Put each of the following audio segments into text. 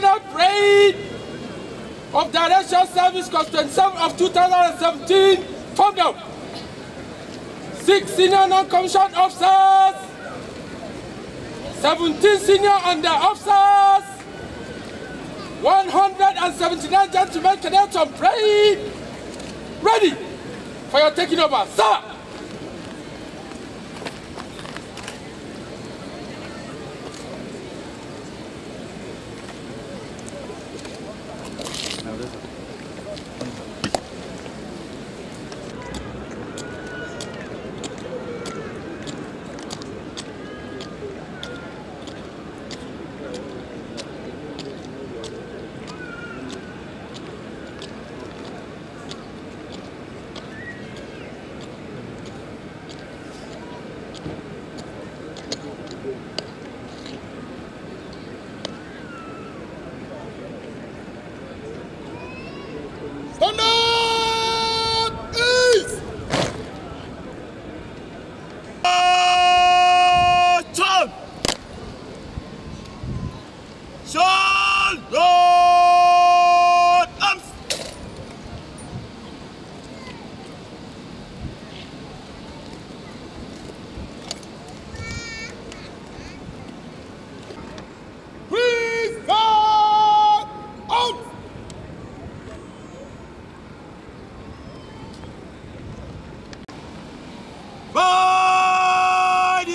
National Brain of Direction Service Constitution of 2017 formed up. Six senior non-commissioned officers, 17 senior under officers, 179 gentlemen cadets on parade, ready for your taking over. Sir!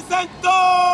セン